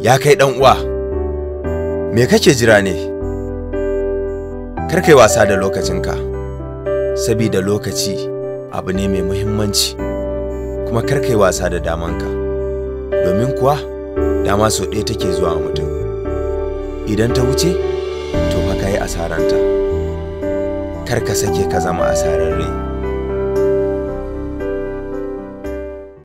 ya kai ɗan uwa me kake jira ne kar kai wasa da lokacinka saboda lokaci abu ne mai muhimmanci kuma kar kai wasa da damanka domin kuwa dama so ɗaya take zuwa mutum idan ta wuce to fa kai asaranta kar ka sake ka zama asararre